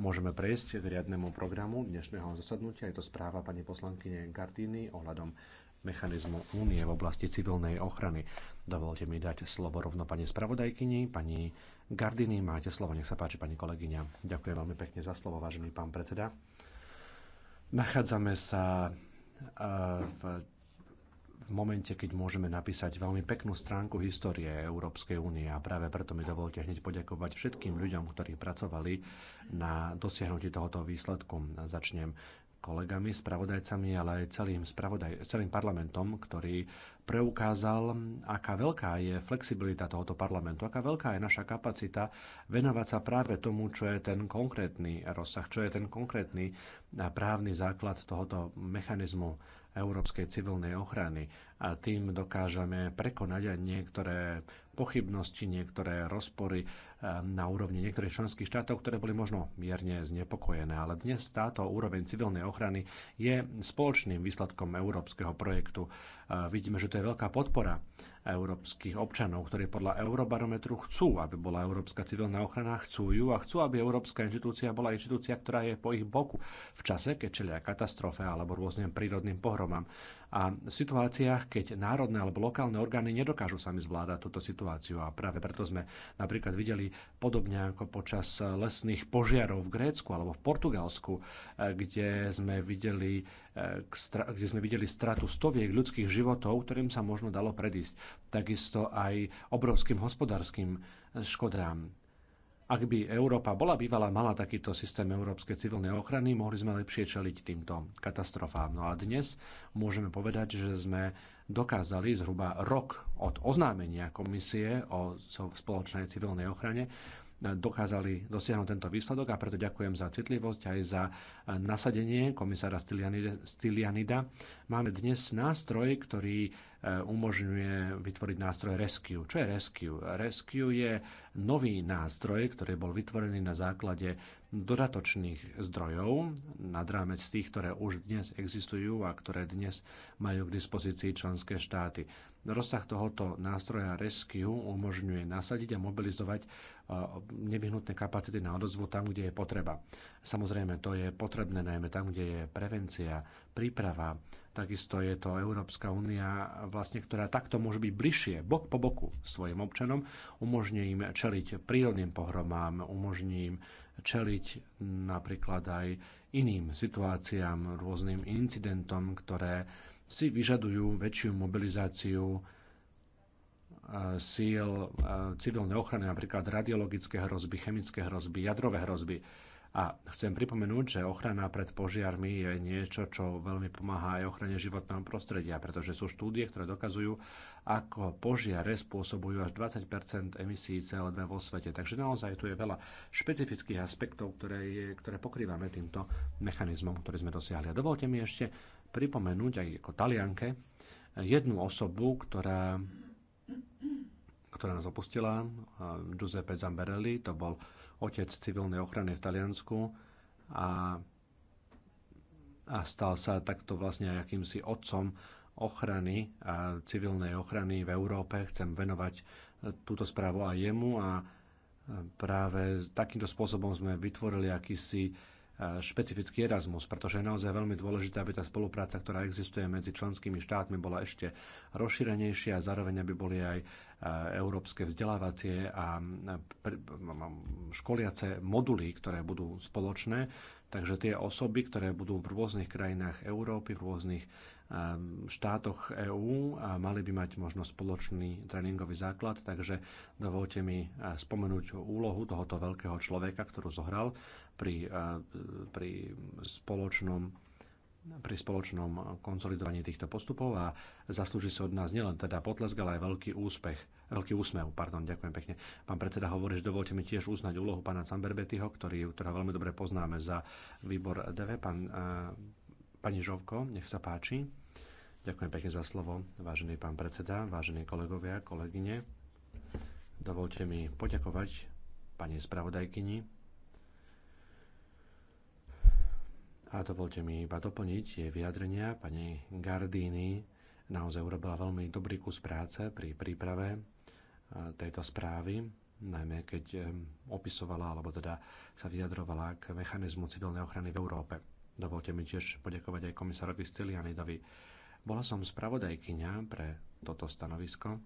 Môžeme prejsť k riadnemu programu dnešného zasadnutia. Je to správa pani poslankyne Gardiny ohľadom mechanizmu únie v oblasti civilnej ochrany. Dovolte mi dať slovo rovno pani spravodajkyni, pani Gardiny. Máte slovo, nech sa páči, pani kolegyňa. Ďakujem veľmi pekne za slovo, vážený pán predseda. Nachádzame sa eh, v v momente, keď môžeme napísať veľmi peknú stránku histórie Európskej únie a práve preto mi dovolte hneď poďakovať všetkým ľuďom, ktorí pracovali na dosiahnutí tohoto výsledku. Začnem kolegami, spravodajcami, ale aj celým, spravodaj, celým parlamentom, ktorý preukázal, aká veľká je flexibilita tohoto parlamentu, aká veľká je naša kapacita venovať sa práve tomu, čo je ten konkrétny rozsah, čo je ten konkrétny právny základ tohoto mechanizmu európskej civilnej ochrany a tým dokážeme prekonať aj niektoré pochybnosti, niektoré rozpory eh, na úrovni niektorých členských štátov, ktoré boli možno mierne znepokojené. Ale dnes táto úroveň civilnej ochrany je spoločným výsledkom európskeho projektu. Vidíme, že to je veľká podpora európskych občanov, ktorí podľa Eurobarometru chcú, aby bola Európska civilná ochrana, chcú ju a chcú, aby Európska inštitúcia bola inštitúcia, ktorá je po ich boku v čase, keď čelia katastrofe alebo rôznym prírodným pohromám. A v situáciách, keď národné alebo lokálne orgány nedokážu sami zvládať túto situáciu. A práve preto sme napríklad videli podobne ako počas lesných požiarov v Grécku alebo v Portugalsku, eh, kde sme videli Eh, kde sme videli stratu stoviek ľudských životov, ktorým sa možno dalo predísť. Takisto aj obrovským hospodárskym eh, škodám. Ak by Európa bola bývala, mala takýto systém európskej civilnej ochrany, mohli sme lepšie čeliť týmto katastrofám. No a dnes môžeme povedať, že sme dokázali zhruba rok od oznámenia komisie o spoločnej civilnej ochrane dokázali dosiahnuť tento výsledok a preto ďakujem za citlivosť aj za nasadenie komisára Stylianida. Máme dnes nástroj, ktorý e, umožňuje vytvoriť nástroj Rescue. Čo je Rescue? Rescue je nový nástroj, ktorý bol vytvorený na základe dodatočných zdrojov nad rámec tých, ktoré už dnes existujú a ktoré dnes majú k dispozícii členské štáty. Rozsah tohoto nástroja Rescue umožňuje nasadiť a mobilizovať nevyhnutné kapacity na odozvu tam, kde je potreba. Samozrejme, to je potrebné najmä tam, kde je prevencia, príprava. Takisto je to Európska únia, vlastne, ktorá takto môže byť bližšie, bok po boku svojim občanom, umožní im čeliť prírodným pohromám, umožní im čeliť napríklad aj iným situáciám, rôznym incidentom, ktoré si vyžadujú väčšiu mobilizáciu síl e, civilnej ochrany, napríklad radiologické hrozby, chemické hrozby, jadrové hrozby. A chcem pripomenúť, že ochrana pred požiarmi je niečo, čo veľmi pomáha aj ochrane životného prostredia, pretože sú štúdie, ktoré dokazujú, ako požiare spôsobujú až 20 emisí CO2 vo svete. Takže naozaj tu je veľa špecifických aspektov, ktoré, je, ktoré pokrývame týmto mechanizmom, ktorý sme dosiahli. A dovolte mi ešte pripomenúť aj ako talianke jednu osobu, ktorá ktorá nás opustila, Giuseppe Zamberelli, to bol otec civilnej ochrany v Taliansku a, a stal sa takto vlastne akýmsi otcom ochrany, a civilnej ochrany v Európe. Chcem venovať e, túto správu aj jemu a e, práve takýmto spôsobom sme vytvorili akýsi špecifický Erasmus, pretože je naozaj veľmi dôležité, aby tá spolupráca, ktorá existuje medzi členskými štátmi, bola ešte rozšírenejšia a zároveň aby boli aj európske vzdelávacie a školiace moduly, ktoré budú spoločné. Takže tie osoby, ktoré budú v rôznych krajinách Európy, v rôznych štátoch EÚ a mali by mať možno spoločný tréningový základ, takže dovolte mi spomenúť úlohu tohoto veľkého človeka, ktorú zohral pri, pri spoločnom pri spoločnom konsolidovaní týchto postupov a zaslúži sa od nás nielen teda potlesk, ale aj veľký úspech, veľký úsmev. Pardon, ďakujem pekne. Pán predseda hovorí, že dovolte mi tiež uznať úlohu pána Camberbetyho, ktorý, ktorého veľmi dobre poznáme za výbor DV. Pán, a, pani Žovko, nech sa páči. Ďakujem pekne za slovo, vážený pán predseda, vážení kolegovia, kolegyne. Dovolte mi poďakovať pani spravodajkyni A dovolte mi iba doplniť jej vyjadrenia. Pani Gardini naozaj urobila veľmi dobrý kus práce pri príprave e, tejto správy, najmä keď e, opisovala, alebo teda sa vyjadrovala k mechanizmu civilnej ochrany v Európe. Dovolte mi tiež poďakovať aj komisárovi Stylianidovi. Bola som spravodajkyňa pre toto stanovisko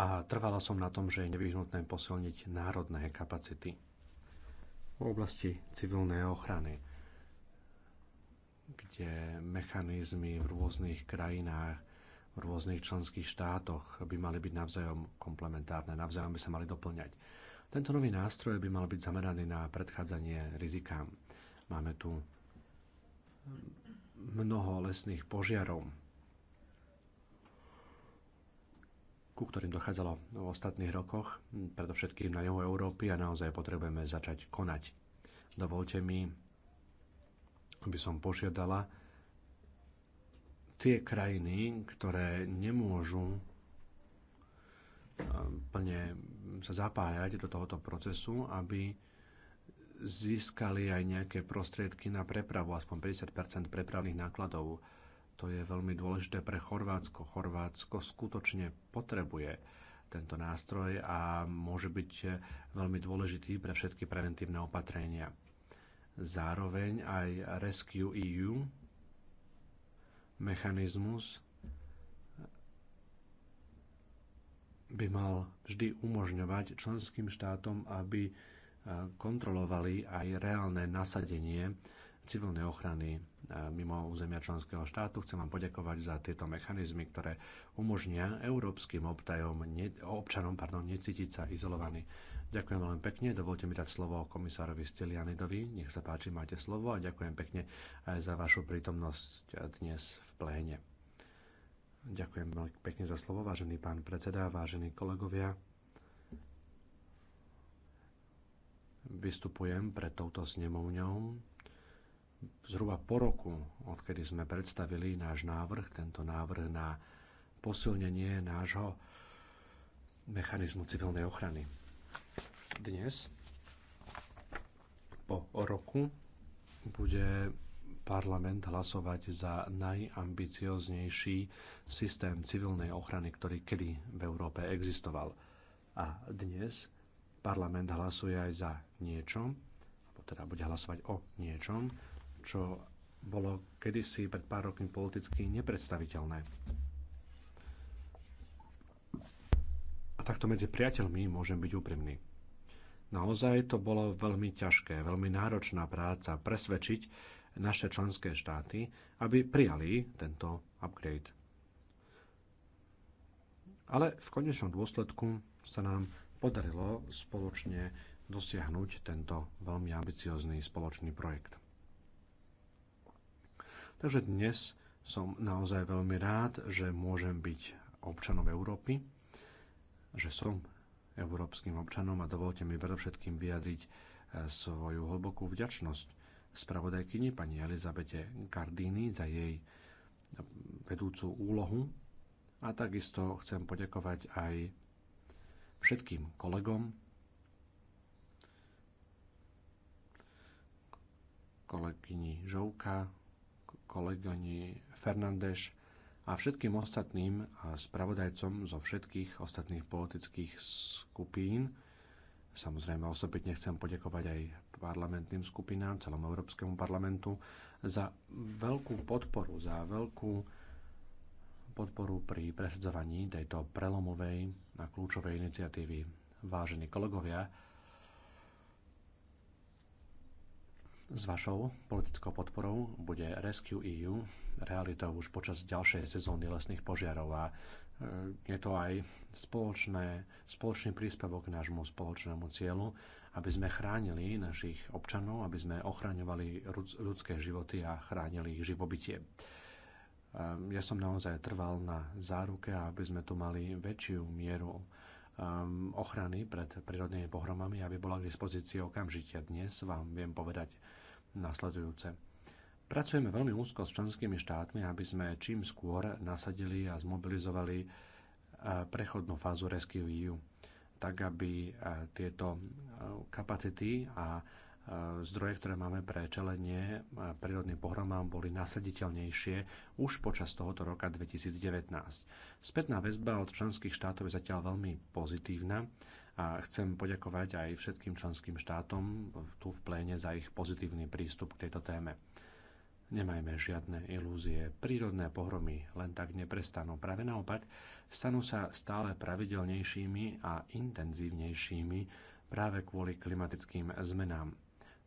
a trvala som na tom, že je nevyhnutné posilniť národné kapacity v oblasti civilnej ochrany, kde mechanizmy v rôznych krajinách, v rôznych členských štátoch by mali byť navzájom komplementárne, navzájom by sa mali doplňať. Tento nový nástroj by mal byť zameraný na predchádzanie rizikám. Máme tu mnoho lesných požiarov, ku ktorým dochádzalo v ostatných rokoch, predovšetkým na juhu Európy a naozaj potrebujeme začať konať. Dovolte mi, aby som požiadala tie krajiny, ktoré nemôžu plne sa zapájať do tohoto procesu, aby získali aj nejaké prostriedky na prepravu, aspoň 50 prepravných nákladov to je veľmi dôležité pre Chorvátsko. Chorvátsko skutočne potrebuje tento nástroj a môže byť veľmi dôležitý pre všetky preventívne opatrenia. Zároveň aj Rescue EU mechanizmus by mal vždy umožňovať členským štátom, aby eh, kontrolovali aj reálne nasadenie civilnej ochrany E, mimo územia členského štátu. Chcem vám poďakovať za tieto mechanizmy, ktoré umožnia európskym obtajom, ne, občanom pardon, necítiť sa izolovaní. Ďakujem veľmi pekne. Dovolte mi dať slovo komisárovi Stelianidovi. Nech sa páči, máte slovo a ďakujem pekne aj za vašu prítomnosť dnes v pléne. Ďakujem veľmi pekne za slovo, vážený pán predseda, vážení kolegovia. Vystupujem pred touto snemovňou zhruba po roku, odkedy sme predstavili náš návrh, tento návrh na posilnenie nášho mechanizmu civilnej ochrany. Dnes, po roku, bude parlament hlasovať za najambicioznejší systém civilnej ochrany, ktorý kedy v Európe existoval. A dnes parlament hlasuje aj za niečo, teda bude hlasovať o niečom, čo bolo kedysi pred pár rokmi politicky nepredstaviteľné. A takto medzi priateľmi môžem byť úprimný. Naozaj to bolo veľmi ťažké, veľmi náročná práca presvedčiť naše členské štáty, aby prijali tento upgrade. Ale v konečnom dôsledku sa nám podarilo spoločne dosiahnuť tento veľmi ambiciózny spoločný projekt. Takže dnes som naozaj veľmi rád, že môžem byť občanom Európy, že som európskym občanom a dovolte mi predovšetkým vyjadriť e, svoju hlbokú vďačnosť spravodajkyni pani Elizabete Gardini za jej vedúcu úlohu a takisto chcem poďakovať aj všetkým kolegom, kolegyni Žovka, kolegyni Fernández a všetkým ostatným spravodajcom zo všetkých ostatných politických skupín. Samozrejme, osobitne chcem poďakovať aj parlamentným skupinám, celom Európskemu parlamentu za veľkú podporu, za veľkú podporu pri presadzovaní tejto prelomovej a kľúčovej iniciatívy. Vážení kolegovia, S vašou politickou podporou bude Rescue EU realitou už počas ďalšej sezóny lesných požiarov a e, je to aj spoločné, spoločný príspevok k nášmu spoločnému cieľu, aby sme chránili našich občanov, aby sme ochraňovali ľudské životy a chránili ich živobytie. E, ja som naozaj trval na záruke, aby sme tu mali väčšiu mieru e, ochrany pred prírodnými pohromami, aby bola k dispozícii okamžite. Dnes vám viem povedať, nasledujúce. Pracujeme veľmi úzko s členskými štátmi, aby sme čím skôr nasadili a zmobilizovali e, prechodnú fázu Rescue EU, tak aby e, tieto e, kapacity a zdroje, ktoré máme pre čelenie prírodným pohromám, boli nasaditeľnejšie už počas tohoto roka 2019. Spätná väzba od členských štátov je zatiaľ veľmi pozitívna a chcem poďakovať aj všetkým členským štátom tu v pléne za ich pozitívny prístup k tejto téme. Nemajme žiadne ilúzie. Prírodné pohromy len tak neprestanú. Práve naopak, stanú sa stále pravidelnejšími a intenzívnejšími práve kvôli klimatickým zmenám.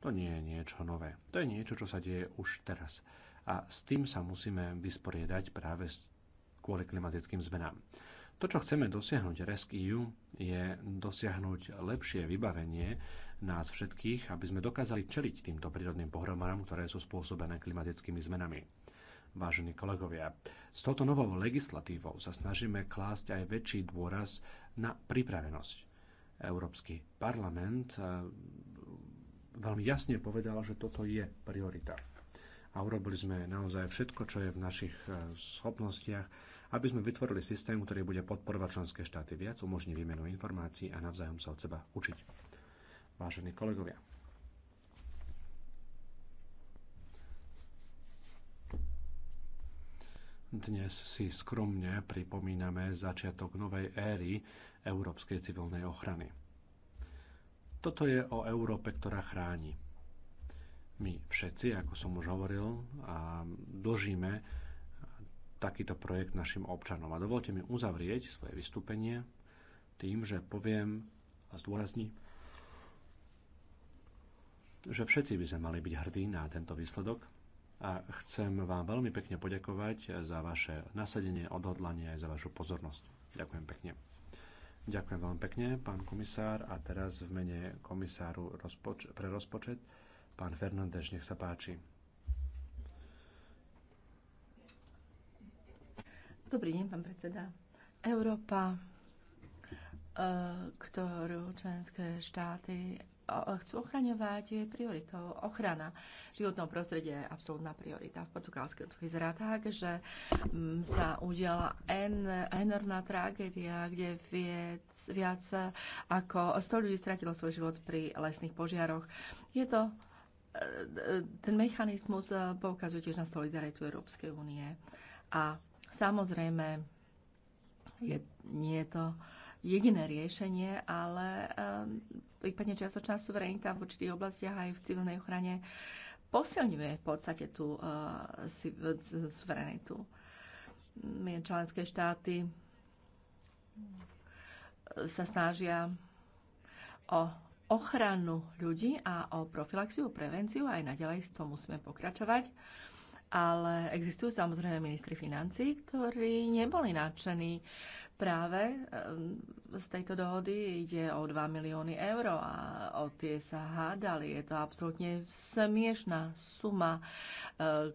To nie je niečo nové. To je niečo, čo sa deje už teraz. A s tým sa musíme vysporiedať práve kvôli klimatickým zmenám. To, čo chceme dosiahnuť Rescue, je dosiahnuť lepšie vybavenie nás všetkých, aby sme dokázali čeliť týmto prírodným pohromám, ktoré sú spôsobené klimatickými zmenami. Vážení kolegovia, s touto novou legislatívou sa snažíme klásť aj väčší dôraz na pripravenosť. Európsky parlament eh, veľmi jasne povedal, že toto je priorita. A urobili sme naozaj všetko, čo je v našich eh, schopnostiach, aby sme vytvorili systém, ktorý bude podporovať členské štáty viac, umožní výmenu informácií a navzájom sa od seba učiť. Vážení kolegovia, Dnes si skromne pripomíname začiatok novej éry európskej civilnej ochrany. Toto je o Európe, ktorá chráni. My všetci, ako som už hovoril, a dožíme takýto projekt našim občanom. A dovolte mi uzavrieť svoje vystúpenie tým, že poviem a zdôrazním, že všetci by sme mali byť hrdí na tento výsledok a chcem vám veľmi pekne poďakovať za vaše nasadenie, odhodlanie aj za vašu pozornosť. Ďakujem pekne. Ďakujem veľmi pekne, pán komisár. A teraz v mene komisáru rozpoč- pre rozpočet, pán Fernández, nech sa páči. Dobrý deň, pán predseda. Európa, e, ktorú členské štáty e, chcú ochraňovať, je prioritou ochrana. Životného prostredia je absolútna priorita. V Portugalsku to vyzerá tak, že mm, sa udiala en, enormná tragédia, kde viac, viac ako 100 ľudí stratilo svoj život pri lesných požiaroch. Je to e, ten mechanizmus poukazuje tiež na solidaritu Európskej únie a Samozrejme, je, nie je to jediné riešenie, ale eh, prípadne čiastočná suverenita v určitých oblastiach aj v civilnej ochrane posilňuje v podstate tú eh, eh, suverenitu. My mm, členské štáty sa snažia o ochranu ľudí a o profilaxiu, prevenciu. Aj naďalej v tom musíme pokračovať ale existujú samozrejme ministri financí, ktorí neboli nadšení práve e, z tejto dohody. Ide o 2 milióny eur a o tie sa hádali. Je to absolútne smiešná suma, e,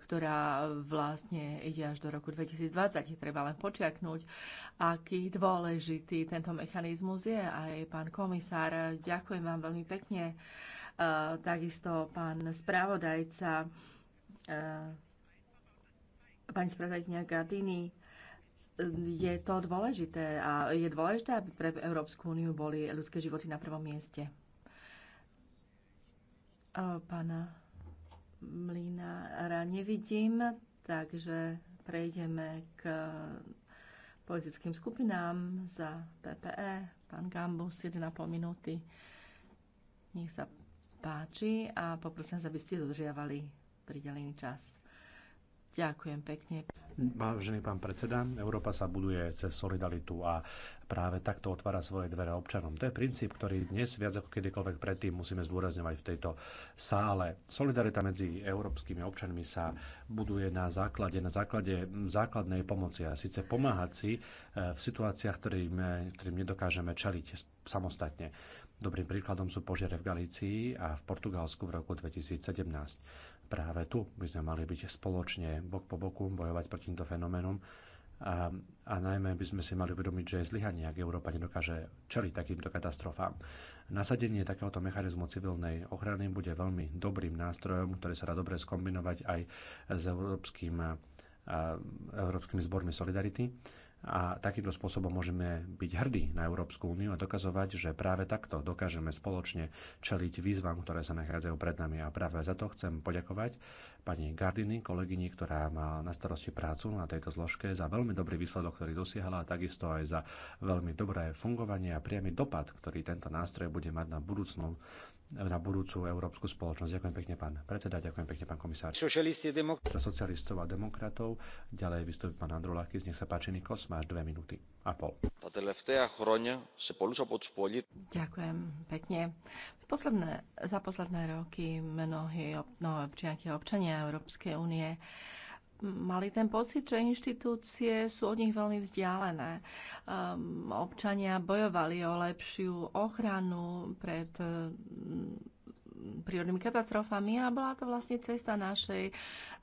ktorá vlastne ide až do roku 2020. Je treba len počiaknúť, aký dôležitý tento mechanizmus je. Aj pán komisár, ďakujem vám veľmi pekne. E, takisto pán správodajca pani spravodajkňa Gardini, je to dôležité a je dôležité, aby pre Európsku úniu boli ľudské životy na prvom mieste. Pána Mlinára nevidím, takže prejdeme k politickým skupinám za PPE. Pán Gambus, 1,5 minúty. Nech sa páči a poprosím, aby ste dodržiavali pridelený čas. Ďakujem pekne. Vážený pán predseda, Európa sa buduje cez solidaritu a práve takto otvára svoje dvere občanom. To je princíp, ktorý dnes viac ako kedykoľvek predtým musíme zdôrazňovať v tejto sále. Solidarita medzi európskymi občanmi sa buduje na základe, na základe základnej pomoci a síce pomáhať si eh, v situáciách, ktorým, eh, ktorým nedokážeme čeliť samostatne. Dobrým príkladom sú požiare v Galícii a v Portugalsku v roku 2017 práve tu by sme mali byť spoločne bok po boku bojovať proti týmto fenoménom a, a najmä by sme si mali uvedomiť, že je zlyhanie, ak Európa nedokáže čeliť takýmto katastrofám. Nasadenie takéhoto mechanizmu civilnej ochrany bude veľmi dobrým nástrojom, ktorý sa dá dobre skombinovať aj s európskym, a, európskymi zbormi Solidarity a takýmto spôsobom môžeme byť hrdí na Európsku úniu a dokazovať, že práve takto dokážeme spoločne čeliť výzvam, ktoré sa nachádzajú pred nami. A práve za to chcem poďakovať pani Gardiny, kolegyni, ktorá má na starosti prácu na tejto zložke, za veľmi dobrý výsledok, ktorý dosiahla a takisto aj za veľmi dobré fungovanie a priamy dopad, ktorý tento nástroj bude mať na budúcnú na budúcu európsku spoločnosť. Ďakujem pekne, pán predseda, ďakujem pekne, pán komisár. demok- Za socialistov a demokratov ďalej vystúpi pán Andrulakis. Nech sa páči, Nikos, máš dve minúty a pol. Ďakujem pekne. Posledné, za posledné roky mnohí ob, no, občianky a občania Európskej únie mali ten pocit, že inštitúcie sú od nich veľmi vzdialené. Um, občania bojovali o lepšiu ochranu pred um, prírodnými katastrofami a bola to vlastne cesta našej,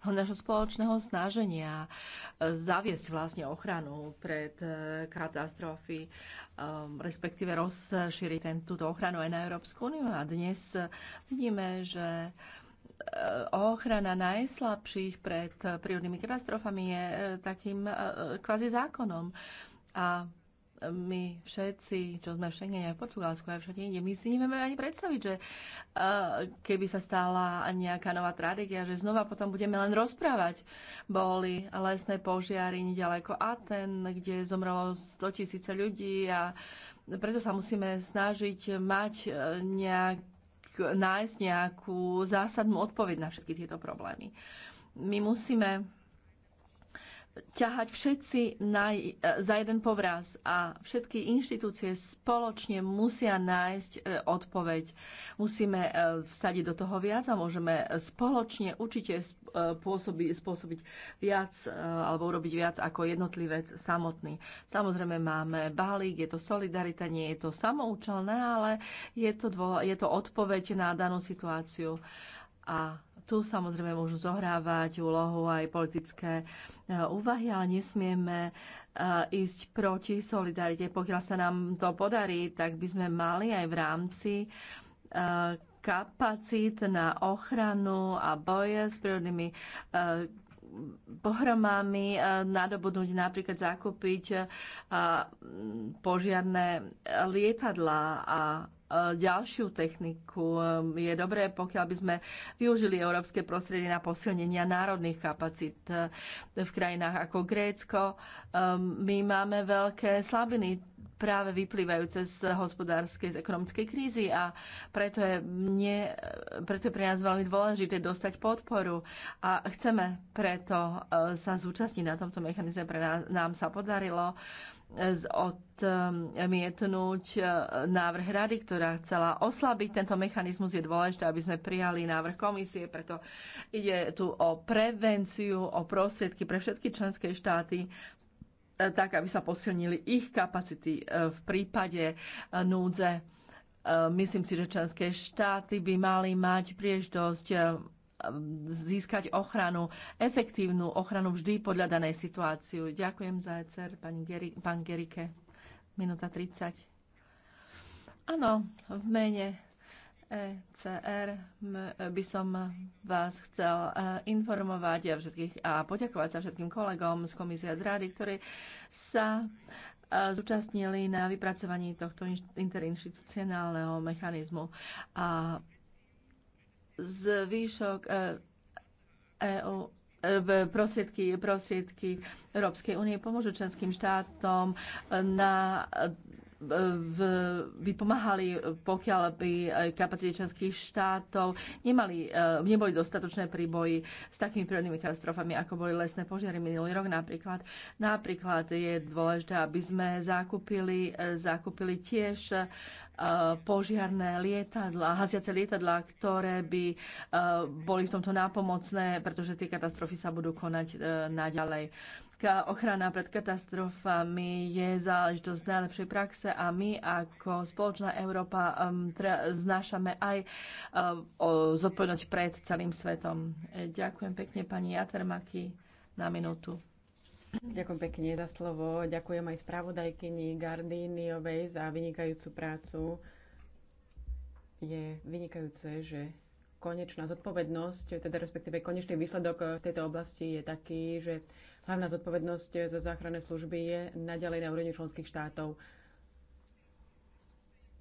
našho spoločného snaženia e, zaviesť vlastne ochranu pred e, katastrofy, um, respektíve rozšíriť túto ochranu aj na Európsku úniu. A dnes vidíme, že E, ochrana najslabších pred prírodnými katastrofami je e, takým e, kvázi zákonom. A my všetci, čo sme v Schengene aj v Portugalsku aj všade inde, my si nevieme ani predstaviť, že keby sa stala nejaká nová stratégia, že znova potom budeme len rozprávať. Boli lesné požiary nedaleko Aten, kde zomrelo 100 tisíce ľudí a preto sa musíme snažiť mať nejak nájsť nejakú zásadnú odpoveď na všetky tieto problémy. My musíme ťahať všetci na, e, za jeden povraz a všetky inštitúcie spoločne musia nájsť e, odpoveď. Musíme e, vsadiť do toho viac a môžeme spoločne určite spôsobiť, spôsobiť viac alebo urobiť viac ako jednotlivec samotný. Samozrejme máme balík, je to solidarita, nie je to samoučelné, ale je to, dvo, je to odpoveď na danú situáciu. A tu samozrejme môžu zohrávať úlohu aj politické e, úvahy, ale nesmieme e, ísť proti solidarite. Pokiaľ sa nám to podarí, tak by sme mali aj v rámci e, kapacít na ochranu a boje s prírodnými pohromami nadobudnúť napríklad zakúpiť požiarné lietadla a ďalšiu techniku. Je dobré, pokiaľ by sme využili európske prostredie na posilnenia národných kapacít v krajinách ako Grécko. Ehm, my máme veľké slabiny práve vyplývajúce z hospodárskej, z ekonomickej krízy a preto je, mne, preto je pre nás veľmi dôležité dostať podporu a chceme preto e, sa zúčastniť na tomto mechanizme. Pre nás, nám sa podarilo e, odmietnúť e, návrh rady, ktorá chcela oslabiť tento mechanizmus. Je dôležité, aby sme prijali návrh komisie, preto ide tu o prevenciu, o prostriedky pre všetky členské štáty tak aby sa posilnili ich kapacity e, v prípade e, núdze. E, myslím si, že členské štáty by mali mať príležitosť získať ochranu, efektívnu ochranu vždy podľa danej situáciu. Ďakujem za ECR, pani Geri, pán Gerike. Minúta 30. Áno, v mene ECR by som vás chcel e, informovať a, všetkých, a poďakovať sa všetkým kolegom z komisie z rady, ktorí sa e, zúčastnili na vypracovaní tohto interinstitucionálneho mechanizmu. A zvýšok EU e prostriedky, prostriedky Európskej únie pomôžu členským štátom na by pomáhali, pokiaľ by eh, kapacity členských štátov nemali, eh, neboli dostatočné príboji s takými prírodnými katastrofami, ako boli lesné požiary minulý rok napríklad. Napríklad je dôležité, aby sme zakúpili, eh, zakúpili tiež požiarné lietadla, hasiace lietadla, ktoré by boli v tomto nápomocné, pretože tie katastrofy sa budú konať naďalej ochrana pred katastrofami je záležitosť najlepšej praxe a my ako spoločná Európa um, znášame aj um, zodpovednosť pred celým svetom. E, ďakujem pekne pani Jatermaky na minútu. Ďakujem pekne za slovo. Ďakujem aj spravodajkyni Gardíniovej za vynikajúcu prácu. Je vynikajúce, že konečná zodpovednosť, teda respektíve konečný výsledok e, v tejto oblasti je taký, že Hlavná zodpovednosť za záchranné služby je naďalej na úrovni členských štátov.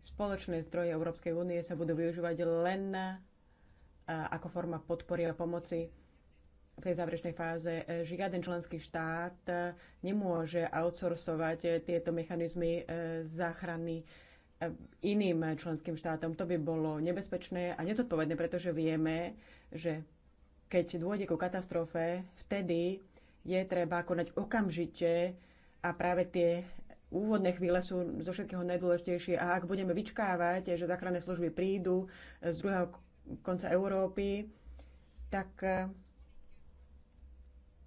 Spoločné zdroje Európskej únie sa budú využívať len ako forma podpory a pomoci v tej záverečnej fáze e, žiaden členský štát e, nemôže outsourcovať e, tieto mechanizmy záchrany iným členským štátom. To by bolo nebezpečné a nezodpovedné, pretože vieme, že keď dôjde ku katastrofe, vtedy je treba konať okamžite a práve tie úvodné chvíle sú zo všetkého najdôležitejšie. A ak budeme vyčkávať, že záchranné služby prídu z druhého konca Európy, tak eh,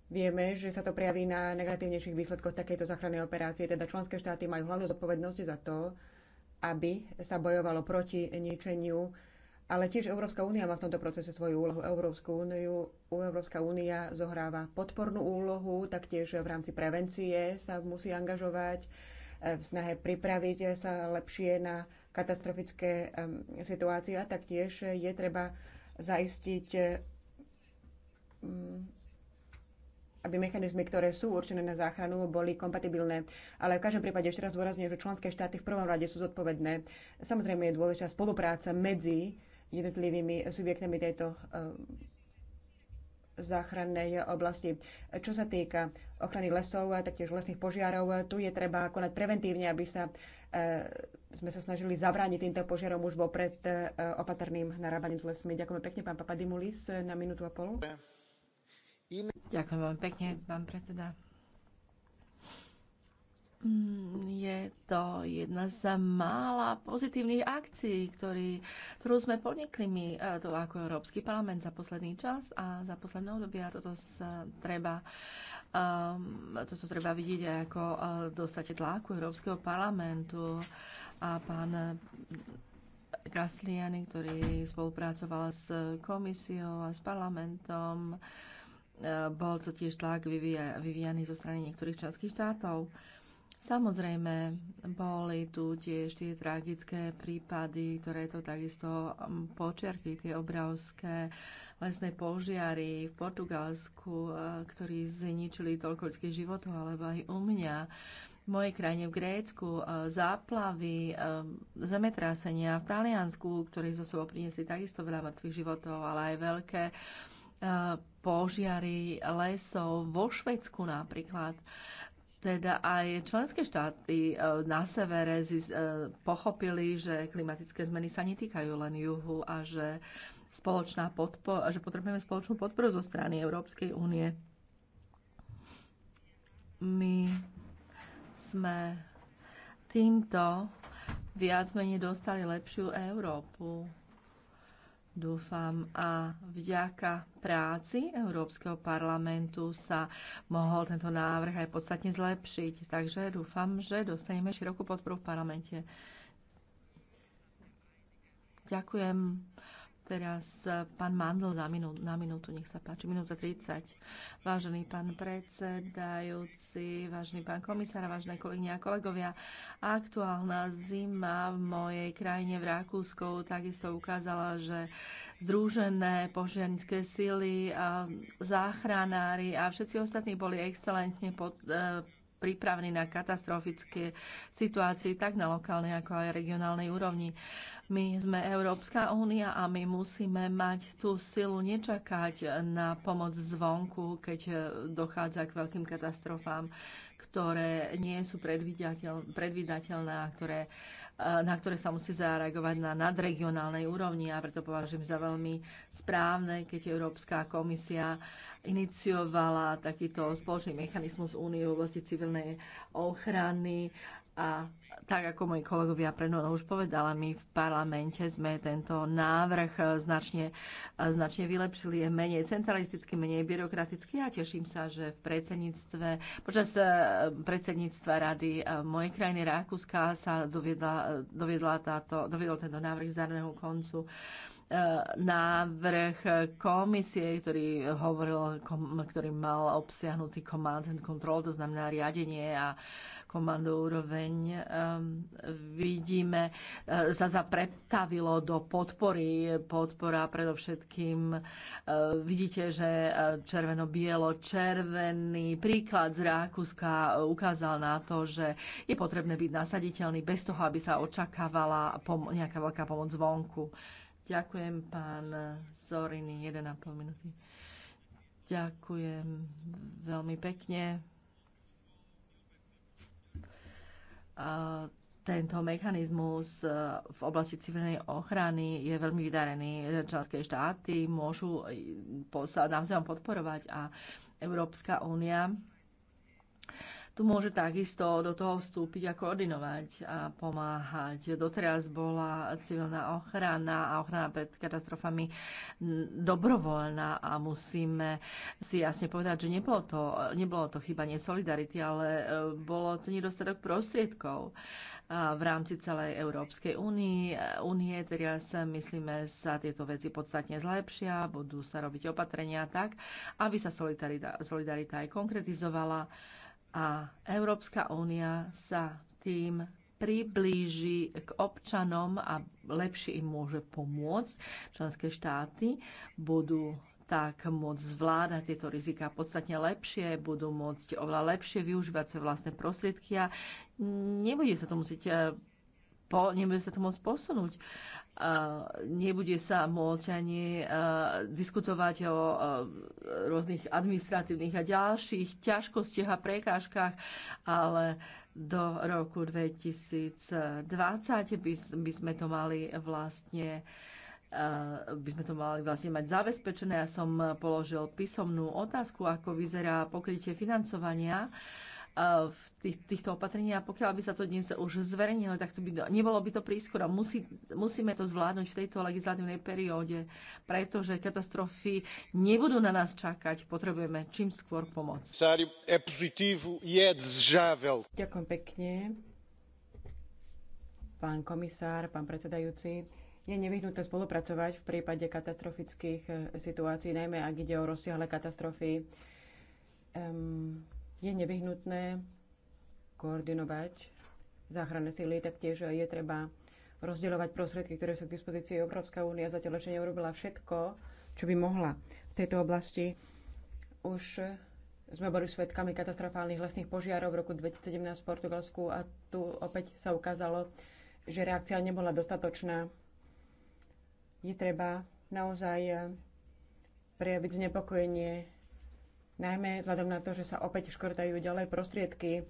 vieme, že sa to prejaví na negatívnejších výsledkoch takejto záchrannej operácie. Teda členské štáty majú hlavnú zodpovednosť za to, aby sa bojovalo proti ničeniu ale tiež Európska únia má v tomto procese svoju úlohu. Európsku úniu, Európska únia zohráva podpornú úlohu, taktiež v rámci prevencie sa musí angažovať e, v snahe pripraviť sa lepšie na katastrofické situácie a taktiež je treba zaistiť, mm, aby mechanizmy, ktoré sú určené na záchranu, boli kompatibilné. Ale v každom prípade ešte raz dôrazňujem, že členské štáty v prvom rade sú zodpovedné. Samozrejme je dôležitá spolupráca medzi jednotlivými subjektami tejto eh, záchrannej oblasti. Čo sa týka ochrany lesov a taktiež lesných požiarov, tu je treba konať preventívne, aby sa eh, sme sa snažili zabrániť týmto požiarom už vopred eh, opatrným narábaním s lesmi. Ďakujem pekne, pán Papadimulis, na minútu a pol. Ďakujem veľmi pekne, pán predseda. Mm, je to jedna z mála pozitívnych akcií, ktorý, ktorú sme podnikli my e, tu ako Európsky parlament za posledný čas a za posledné obdobie a toto sa e, treba um, toto treba vidieť aj ako uh, e, dostate tláku Európskeho parlamentu a pán Castriani, ktorý spolupracoval s komisiou a s parlamentom, bol to tiež tlak vyvíja, vyvíjaný zo strany niektorých členských štátov. Samozrejme, boli tu tiež tie tragické prípady, ktoré to takisto počerkli, tie obrovské lesné požiary v Portugalsku, e, ktorí zničili toľko ľudských životov, alebo aj u mňa. V mojej krajine v Grécku e, záplavy, e, zemetrasenia v Taliansku, ktoré zo sebou priniesli takisto veľa mŕtvych životov, ale aj veľké požiary lesov vo Švedsku napríklad teda aj členské štáty e, na severe e, pochopili, že klimatické zmeny sa netýkajú len juhu a že, spoločná a že potrebujeme spoločnú podporu zo strany Európskej únie. My sme týmto viac menej dostali lepšiu Európu. Dúfam a vďaka práci Európskeho parlamentu sa mohol tento návrh aj podstatne zlepšiť. Takže dúfam, že dostaneme širokú podporu v parlamente. Ďakujem teraz eh, pán Mandl za minú, na minútu, nech sa páči, minúta 30. Vážený pán predsedajúci, vážený pán komisár, vážené kolegyne a kolegovia, aktuálna zima v mojej krajine v Rakúsku takisto ukázala, že združené požiarnické sily, záchranári a všetci ostatní boli excelentne pod, eh, pripravení na katastrofické situácie tak na lokálnej ako aj regionálnej úrovni. My sme Európska únia a my musíme mať tú silu nečakať na pomoc zvonku, keď dochádza k veľkým katastrofám ktoré nie sú predvydateľné a ktoré, e, na ktoré sa musí zareagovať na nadregionálnej úrovni. A preto považujem za veľmi správne, keď Európska komisia iniciovala takýto spoločný mechanizmus únie v oblasti civilnej ochrany a tak ako moji kolegovia pred už povedala, my v parlamente sme tento návrh značne, značne vylepšili. Je menej centralisticky, menej byrokraticky a teším sa, že v predsedníctve, počas eh, predsedníctva rady eh, mojej krajiny Rakúska sa doviedla, doviedla táto, doviedol tento návrh zdarného koncu. Uh, návrh komisie, ktorý hovoril, ktorý mal obsiahnutý command and control, to znamená riadenie a komandu úroveň, vidíme, e, sa zapredstavilo do podpory. Podpora predovšetkým, e, vidíte, že e, červeno-bielo, červený príklad z Rakúska ukázal na to, že je potrebné byť nasaditeľný bez toho, aby sa očakávala nejaká veľká pomoc zvonku. Ďakujem, pán Zoriny, 1,5 minúty. Ďakujem veľmi pekne. A tento mechanizmus e, v oblasti civilnej ochrany je veľmi vydarený. Členské štáty môžu e, sa navzájom podporovať a Európska únia tu môže takisto do toho vstúpiť a koordinovať a pomáhať. Doteraz bola civilná ochrana a ochrana pred katastrofami dobrovoľná a musíme si jasne povedať, že nebolo to, nebolo to chýbanie solidarity, ale e, bolo to nedostatok prostriedkov e, v rámci celej Európskej únie. Únie teraz, e, myslíme, sa tieto veci podstatne zlepšia, budú sa robiť opatrenia tak, aby sa solidarita, solidarita aj konkretizovala a Európska únia sa tým priblíži k občanom a lepšie im môže pomôcť. Členské štáty budú tak môcť zvládať tieto rizika podstatne lepšie, budú môcť oveľa lepšie využívať svoje vlastné prostriedky a nebude sa to musieť eh, po, nebude sa to môcť posunúť nebude sa môcť ani diskutovať o rôznych administratívnych a ďalších ťažkostiach a prekážkach, ale do roku 2020 by, sme to mali vlastne by sme to mali vlastne mať zabezpečené. Ja som položil písomnú otázku, ako vyzerá pokrytie financovania uh, v tých, týchto opatrení a pokiaľ by sa to dnes už zverejnilo, tak to by, nebolo by to prískoro. Musí, musíme to zvládnuť v tejto legislatívnej perióde, pretože katastrofy nebudú na nás čakať. Potrebujeme čím skôr pomoc. E Ďakujem pekne. Pán komisár, pán predsedajúci, je nevyhnutné spolupracovať v prípade katastrofických eh, situácií, najmä ak ide o rozsiahle katastrofy. Um, je nevyhnutné koordinovať záchranné síly, taktiež je treba rozdeľovať prostriedky, ktoré sú k dispozícii. Európska únia zatiaľ ešte neurobila všetko, čo by mohla v tejto oblasti. Už sme boli svetkami katastrofálnych lesných požiarov v roku 2017 v Portugalsku a tu opäť sa ukázalo, že reakcia nebola dostatočná. Je treba naozaj prejaviť znepokojenie najmä vzhľadom na to, že sa opäť škrtajú ďalej prostriedky,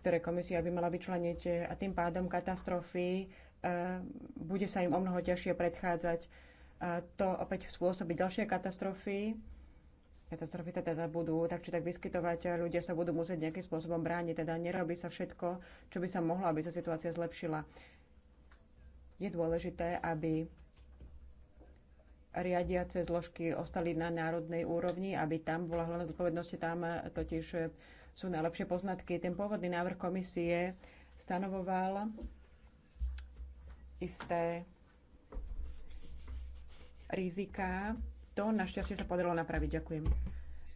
ktoré komisia by mala vyčleniť a tým pádom katastrofy e, bude sa im o mnoho ťažšie predchádzať. E, to opäť spôsobí ďalšie katastrofy, katastrofy teda budú tak či tak vyskytovať, ľudia sa budú musieť nejakým spôsobom brániť, teda nerobí sa všetko, čo by sa mohlo, aby sa situácia zlepšila. Je dôležité, aby riadiace zložky ostali na národnej úrovni, aby tam bola hlavná zodpovednosť, tam eh, totiž eh, sú najlepšie poznatky. Ten pôvodný návrh komisie stanovoval isté rizika. To našťastie sa podarilo napraviť. Ďakujem.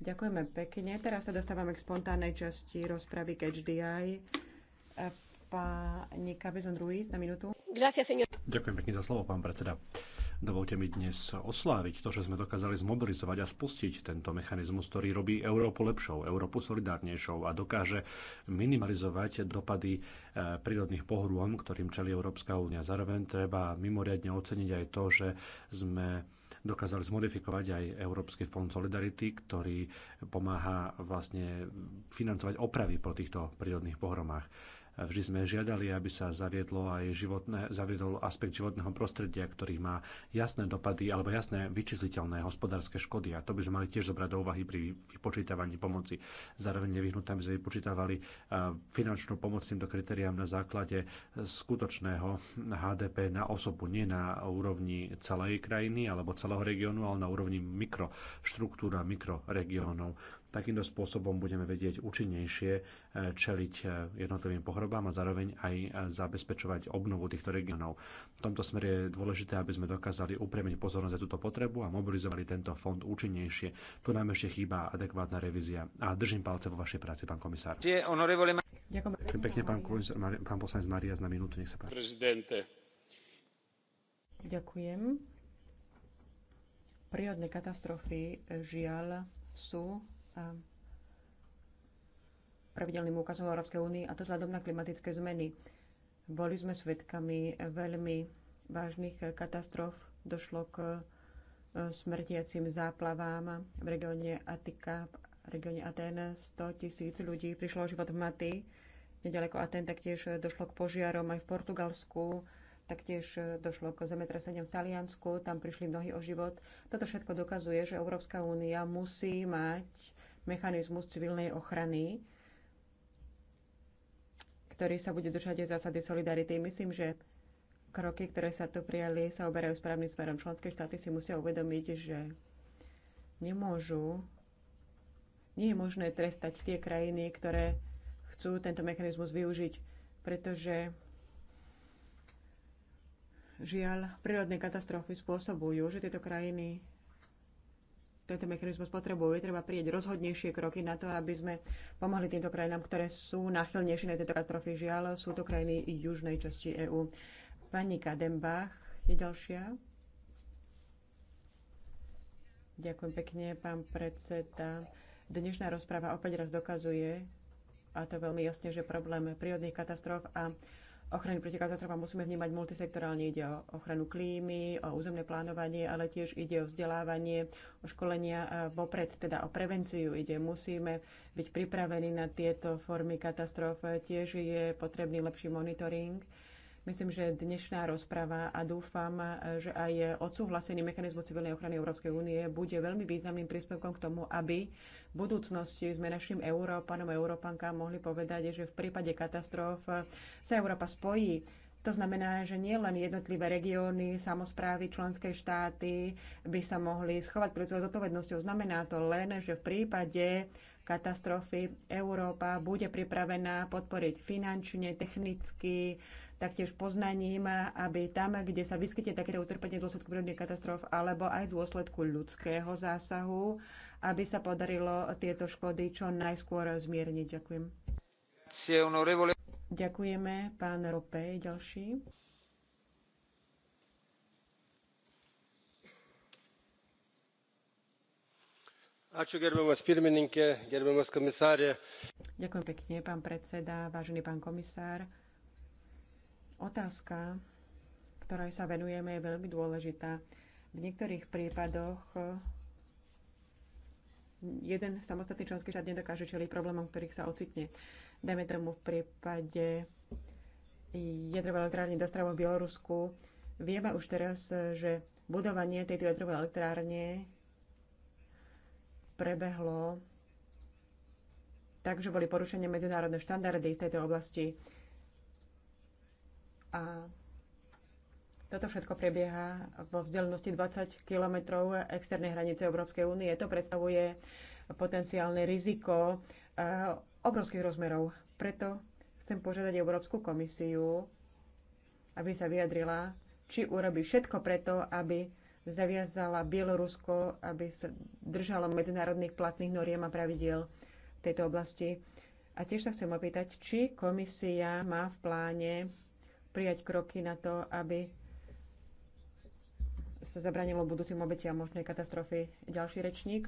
Ďakujeme pekne. Teraz sa dostávame k spontánnej časti rozpravy k HDI. Eh, pani Cabezon Ruiz na minútu. Ďakujem pekne za slovo, pán predseda. Dovolte mi dnes osláviť to, že sme dokázali zmobilizovať a spustiť tento mechanizmus, ktorý robí Európu lepšou, Európu solidárnejšou a dokáže minimalizovať dopady eh, prírodných pohrôm, ktorým čelí Európska únia. Zároveň treba mimoriadne oceniť aj to, že sme dokázali zmodifikovať aj Európsky fond Solidarity, ktorý pomáha vlastne financovať opravy po týchto prírodných pohromách Vždy sme žiadali, aby sa zaviedlo aj životné, zaviedol aspekt životného prostredia, ktorý má jasné dopady alebo jasné vyčísliteľné hospodárske škody. A to by sme mali tiež zobrať do úvahy pri vypočítavaní pomoci. Zároveň nevyhnutá, aby sme vypočítavali e, finančnú pomoc týmto kritériám na základe skutočného HDP na osobu, nie na úrovni celej krajiny alebo celého regiónu, ale na úrovni mikroštruktúra mikroregiónov Takýmto spôsobom budeme vedieť účinnejšie eh, čeliť eh, jednotlivým pohrobám a zároveň aj eh, zabezpečovať obnovu týchto regiónov. V tomto smere je dôležité, aby sme dokázali upriamiť pozornosť za túto potrebu a mobilizovali tento fond účinnejšie. Tu nám ešte chýba adekvátna revízia. A držím palce vo vašej práci, pán komisár. Ďakujem pekne, pán, pán poslanec Maria na minútu, nech sa páči. Prezidente. Ďakujem. Prírodné katastrofy žiaľ sú pravidelným úkazom Európskej únie a to vzhľadom na klimatické zmeny. Boli sme svedkami veľmi vážnych katastrof. Došlo k e, smrtiacim záplavám v regióne Atika, v regióne Aten. 100 tisíc ľudí prišlo o život v Maty. Nedaleko Aten taktiež došlo k požiarom aj v Portugalsku. Taktiež došlo k zemetraseniam v Taliansku, tam prišli mnohí o život. Toto všetko dokazuje, že Európska únia musí mať mechanizmus civilnej ochrany, ktorý sa bude držať aj zásady solidarity. Myslím, že kroky, ktoré sa tu prijali, sa oberajú správnym smerom. Členské štáty si musia uvedomiť, že nemôžu, nie je možné trestať tie krajiny, ktoré chcú tento mechanizmus využiť, pretože žiaľ, prírodné katastrofy spôsobujú, že tieto krajiny tento mechanizmus potrebuje. Treba prieť rozhodnejšie kroky na to, aby sme pomohli týmto krajinám, ktoré sú náchylnejšie na tieto katastrofy. Žiaľ, sú to krajiny južnej časti EÚ. Pani Kadembach je ďalšia. Ďakujem pekne, pán predseda. Dnešná rozpráva opäť raz dokazuje, a to veľmi jasne, že problém prírodných katastrof a ochrany proti katastrofám musíme vnímať multisektorálne. Ide o ochranu klímy, o územné plánovanie, ale tiež ide o vzdelávanie, o školenia vopred, teda o prevenciu ide. Musíme byť pripravení na tieto formy katastrof. Tiež je potrebný lepší monitoring Myslím, že dnešná rozprava a dúfam, že aj odsúhlasený mechanizmu civilnej ochrany Európskej únie bude veľmi významným príspevkom k tomu, aby v budúcnosti sme našim Európanom a Európankám mohli povedať, že v prípade katastrof sa Európa spojí. To znamená, že nie len jednotlivé regióny, samozprávy, členské štáty by sa mohli schovať pred svojou zodpovednosťou. Znamená to len, že v prípade katastrofy Európa bude pripravená podporiť finančne, technicky, taktiež poznaním, aby tam, kde sa vyskytne takéto utrpenie v dôsledku prírodných katastrof alebo aj v dôsledku ľudského zásahu, aby sa podarilo tieto škody čo najskôr zmierniť. Ďakujem. Ďakujeme. Pán Rope, ďalší. Ačiū gerbiamas pirmininkė, gerbiamas komisarė. Ďakujem pekne, pán predseda, vážený pán komisár. Otázka, ktorej sa venujeme, je veľmi dôležitá. V niektorých prípadoch eh, jeden samostatný členský štát nedokáže čeliť problémom, ktorých sa ocitne. Dajme tomu v prípade jadrovej elektrárne dostrava v Bielorusku. Vieme už teraz, že budovanie tejto jadrovej elektrárne prebehlo tak, že boli porušené medzinárodné štandardy v tejto oblasti. A toto všetko prebieha vo vzdialenosti 20 kilometrov externej hranice Európskej únie. To predstavuje potenciálne riziko eh, obrovských rozmerov. Preto chcem požiadať Európsku komisiu, aby sa vyjadrila, či urobí všetko preto, aby zaviazala Bielorusko, aby sa držalo medzinárodných platných noriem a pravidiel v tejto oblasti. A tiež sa chcem opýtať, či komisia má v pláne prijať kroky na to, aby sa zabranilo budúcim obetiam možnej katastrofy. Ďalší rečník.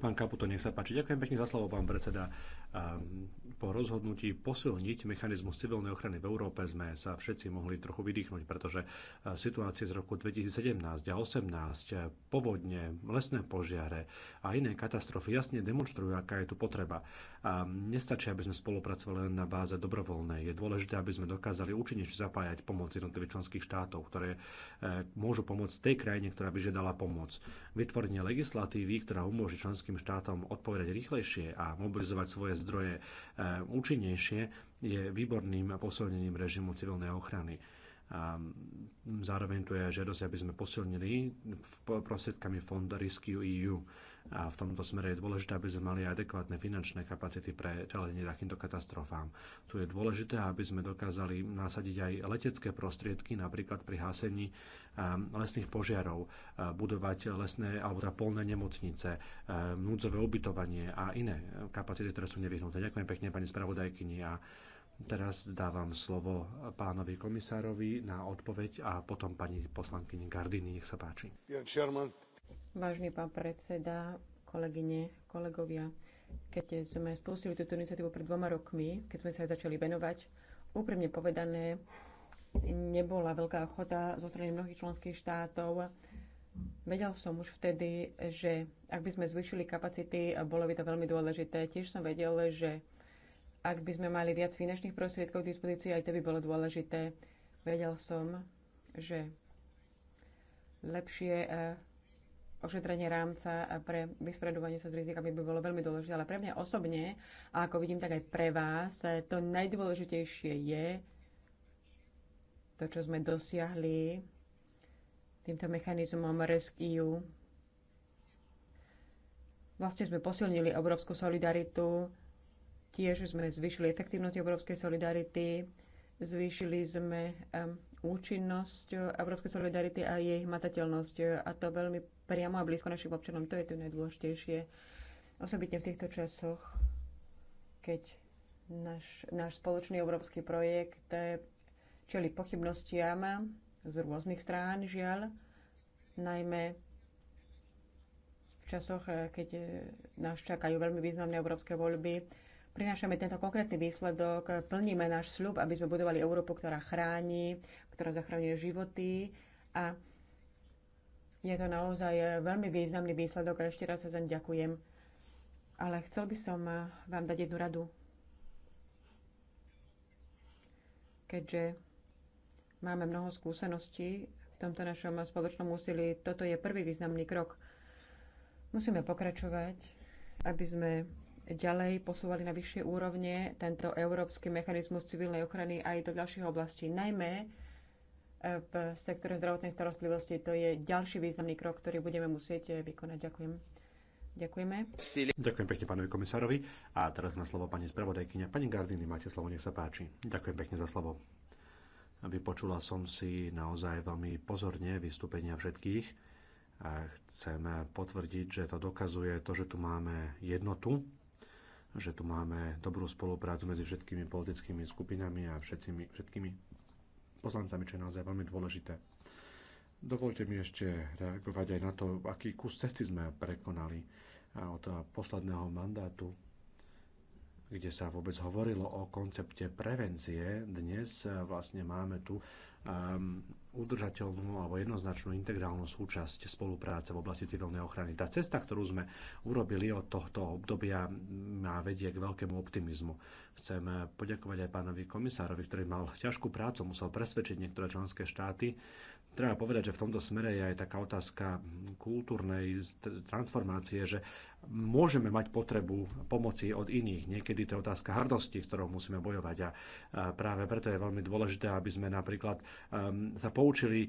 Pán Kaputo, nech sa páči. Ďakujem pekne za slovo, pán predseda. Ehm, po rozhodnutí posilniť mechanizmus civilnej ochrany v Európe sme sa všetci mohli trochu vydýchnuť, pretože e, situácie z roku 2017 a 2018, e, povodne, lesné požiare a iné katastrofy jasne demonstrujú, aká je tu potreba. A nestačí, aby sme spolupracovali len na báze dobrovoľnej. Je dôležité, aby sme dokázali účinnejšie zapájať pomoc jednotlivých členských štátov, ktoré e, môžu pomôcť tej krajine, ktorá by žiadala pomoc. Vytvorenie legislatívy, ktorá umožní členským štátom odpovedať rýchlejšie a mobilizovať svoje zdroje účinnejšie, je výborným posilnením režimu civilnej ochrany. A zároveň tu je žiadosť, aby sme posilnili prostriedkami fond Rescue EU. A v tomto smere je dôležité, aby sme mali adekvátne finančné kapacity pre čelenie takýmto katastrofám. Tu je dôležité, aby sme dokázali nasadiť aj letecké prostriedky, napríklad pri hasení ehm, lesných požiarov, budovať lesné alebo teda polné nemocnice, ehm, núdzové ubytovanie a iné ehm, kapacity, ktoré sú nevyhnuté. Ďakujem pekne pani spravodajkyni a Teraz dávam slovo pánovi komisárovi na odpoveď a potom pani poslankyni Gardini, nech sa páči. Vážny pán predseda, kolegyne, kolegovia, keď sme spustili túto iniciatívu pred dvoma rokmi, keď sme sa aj začali venovať, úprimne povedané, nebola veľká ochota zo strany mnohých členských štátov. Vedel som už vtedy, že ak by sme zvýšili kapacity, bolo by to veľmi dôležité. Tiež som vedel, že ak by sme mali viac finančných prostriedkov k dispozícii, aj to by bolo dôležité. Vedel som, že lepšie eh, ošetrenie rámca pre vyspredovanie sa s rizikami by bolo veľmi dôležité, ale pre mňa osobne, a ako vidím, tak aj pre vás, to najdôležitejšie je to, čo sme dosiahli týmto mechanizmom RescEU. Vlastne sme posilnili európsku solidaritu, tiež sme zvýšili efektívnosť európskej solidarity, zvýšili sme um, účinnosť európskej solidarity a jej hmatateľnosť a to veľmi priamo a blízko našim občanom. To je to najdôležitejšie. Osobitne v týchto časoch, keď náš, náš spoločný európsky projekt eh, čeli pochybnostiam z rôznych strán, žiaľ, najmä v časoch, eh, keď eh, nás čakajú veľmi významné európske voľby, prinášame tento konkrétny výsledok, plníme náš sľub, aby sme budovali Európu, ktorá chráni, ktorá zachraňuje životy a je to naozaj eh, veľmi významný výsledok a ešte raz sa zaň ďakujem. Ale chcel by som eh, vám dať jednu radu. Keďže máme mnoho skúseností v tomto našom spoločnom úsilí, toto je prvý významný krok. Musíme pokračovať, aby sme ďalej posúvali na vyššie úrovne tento európsky mechanizmus civilnej ochrany aj do ďalších oblastí. Najmä v sektore zdravotnej starostlivosti. To je ďalší významný krok, ktorý budeme musieť eh, vykonať. Ďakujem. Ďakujeme. Ďakujem pekne pánovi komisárovi. A teraz na slovo pani spravodajkyňa. Pani Gardini, máte slovo, nech sa páči. Ďakujem pekne za slovo. Vypočula som si naozaj veľmi pozorne vystúpenia všetkých a chcem potvrdiť, že to dokazuje to, že tu máme jednotu, že tu máme dobrú spoluprácu medzi všetkými politickými skupinami a všetkými, všetkými poslancami, čo je naozaj veľmi dôležité. Dovolte mi ešte reagovať aj na to, aký kus cesty sme prekonali od posledného mandátu, kde sa vôbec hovorilo o koncepte prevencie. Dnes vlastne máme tu Ehm, udržateľnú alebo jednoznačnú integrálnu súčasť spolupráce v oblasti civilnej ochrany. Tá cesta, ktorú sme urobili od tohto obdobia, má vedie k veľkému optimizmu. Chcem poďakovať aj pánovi komisárovi, ktorý mal ťažkú prácu, musel presvedčiť niektoré členské štáty, treba povedať, že v tomto smere je aj taká otázka kultúrnej transformácie, že môžeme mať potrebu pomoci od iných. Niekedy to je otázka hardosti, s ktorou musíme bojovať a práve preto je veľmi dôležité, aby sme napríklad ehm, sa poučili e,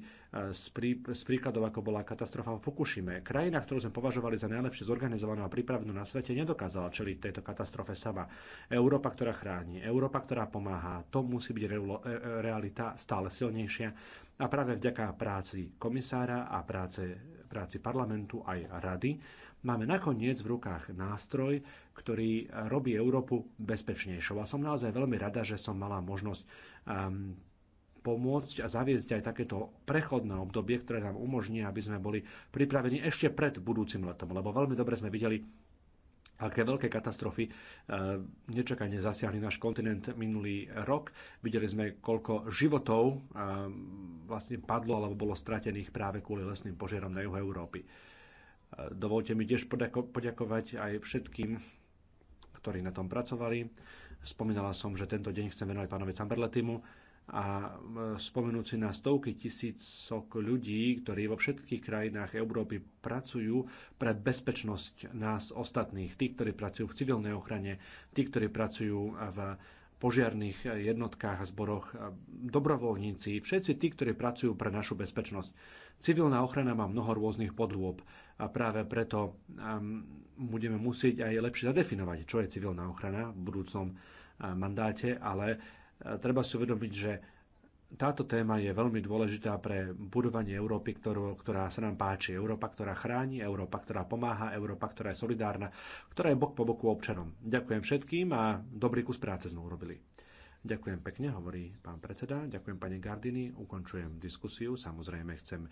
z, príkladov, ako bola katastrofa v Fukushime. Krajina, ktorú sme považovali za najlepšie zorganizovanú a pripravenú na svete, nedokázala čeliť tejto katastrofe sama. Európa, ktorá chráni, Európa, ktorá pomáha, to musí byť e, e, realita stále silnejšia a práve vďaka práci komisára a práce, práci parlamentu aj rady máme nakoniec v rukách nástroj, ktorý robí Európu bezpečnejšou. A som naozaj veľmi rada, že som mala možnosť um, pomôcť a zaviesť aj takéto prechodné obdobie, ktoré nám umožní, aby sme boli pripravení ešte pred budúcim letom. Lebo veľmi dobre sme videli, aké veľké katastrofy e, nečakane zasiahli náš kontinent minulý rok. Videli sme, koľko životov e, vlastne padlo alebo bolo stratených práve kvôli lesným požiarom na juhu Európy. E, dovolte mi tiež poďakovať aj všetkým, ktorí na tom pracovali. Spomínala som, že tento deň chcem venovať pánovi Camberletimu a e, spomenúci na stovky tisícok ľudí, ktorí vo všetkých krajinách Európy pracujú pre bezpečnosť nás ostatných, tí, ktorí pracujú v civilnej ochrane, tí, ktorí pracujú v požiarných e, jednotkách a zboroch, e, dobrovoľníci, všetci tí, ktorí pracujú pre našu bezpečnosť. Civilná ochrana má mnoho rôznych podôb a práve preto budeme musieť aj lepšie zadefinovať, čo je civilná ochrana v budúcom mandáte, ale E, treba si uvedomiť, že táto téma je veľmi dôležitá pre budovanie Európy, ktorú, ktorá sa nám páči. Európa, ktorá chráni, Európa, ktorá pomáha, Európa, ktorá je solidárna, ktorá je bok po boku občanom. Ďakujem všetkým a dobrý kus práce sme urobili. Ďakujem pekne, hovorí pán predseda. Ďakujem pani Gardini. Ukončujem diskusiu. Samozrejme chcem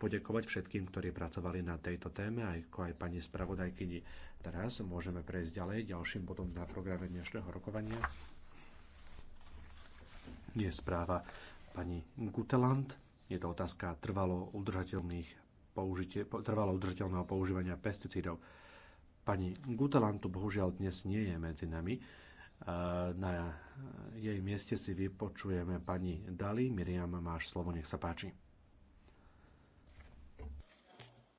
podekovať všetkým, ktorí pracovali na tejto téme, ako aj pani spravodajkyni. Teraz môžeme prejsť ďalej ďalším bodom na programe dnešného rokovania je správa pani Guteland. Je to otázka trvalo, udržateľných použitie, trvalo udržateľného používania pesticídov. Pani Guteland tu bohužiaľ dnes nie je medzi nami. E, na jej mieste si vypočujeme pani Dali. Miriam, máš slovo, nech sa páči.